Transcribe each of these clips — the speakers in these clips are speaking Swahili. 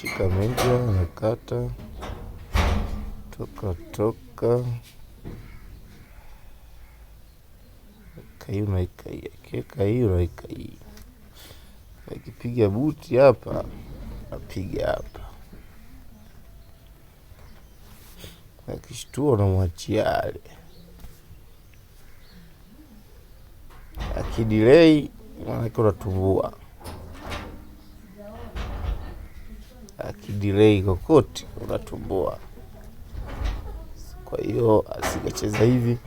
Shika meja, nakata toka toka, akiweka hii unaweka hii, akipiga buti hapa napiga hapa, akishtua unamwachia ale, akidilei manake unatumbua. akidelay kokote unatumbua. Kwa hiyo asingecheza hivi,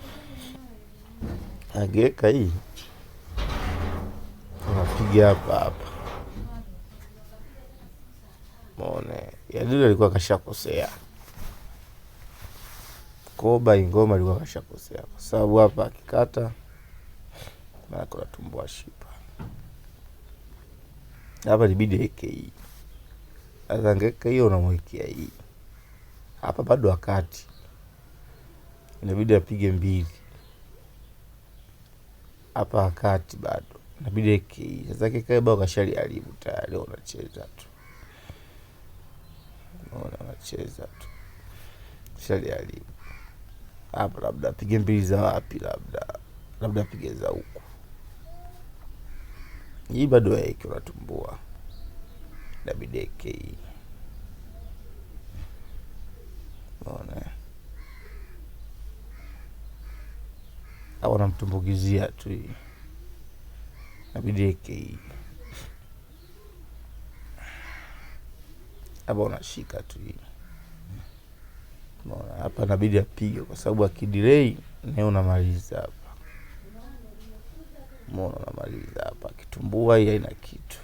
angeweka hii, unapiga hapa hapa, mone yadili, alikuwa kashakosea Koba Ingoma alikuwa kashakosea kwa sababu hapa akikata maana kunatumbua shipa hapa, libidi aweke hii Angaika hiyo unamwekea hii hapa, bado wakati inabidi apige mbili hapa, wakati bado inabidi aweke hii. Sasa keka bao kashaliharibu tayari, unacheza tu, unacheza tu, shaliharibu hapa. Labda apige mbili za wapi? Labda labda apige za huku, hii bado aweke, unatumbua WDK. Unaona? Au anamtumbukizia tu hii. WDK. Hapa unashika tu hii. Hapa nabidi apige kwa sababu akidilei na unamaliza hapa. Unaona, unamaliza hapa. Akitumbua hii haina kitu.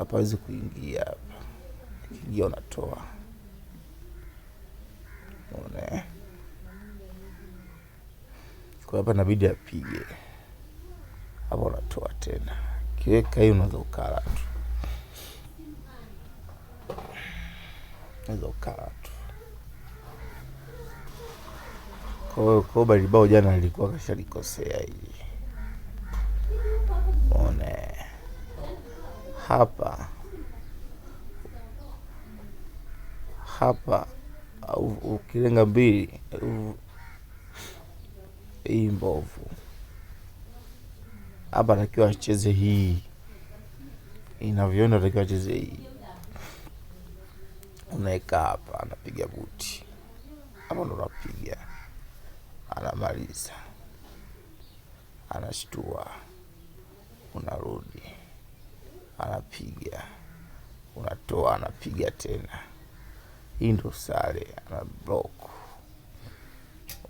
hapa hawezi kuingia hapa, akiingia unatoa Unaona? Eh? Kwa hapa inabidi apige hapa, unatoa tena, kiweka hii, unaweza ukala tu, unaweza ukala tu. Kwa hiyo baribao jana alikuwa kashalikosea hii hapa hapa, ukilenga mbili hii mbovu hapa, atakiwa acheze hii, inavyoona, takiwa acheze hii, unaweka hapa, anapiga buti hapa, ndo unapiga, anamaliza, anashtua, unarudi anapiga, unatoa, anapiga tena. Hii ndo sare, ana block.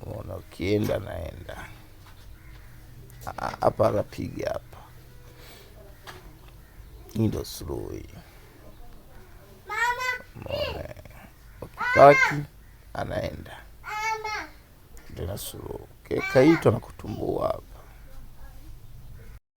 Unaona, ukienda naenda hapa, anapiga hapa. Hii ndo suluhi. Ukipaki anaenda tena suruhu Keka hii tunakutumbua hapa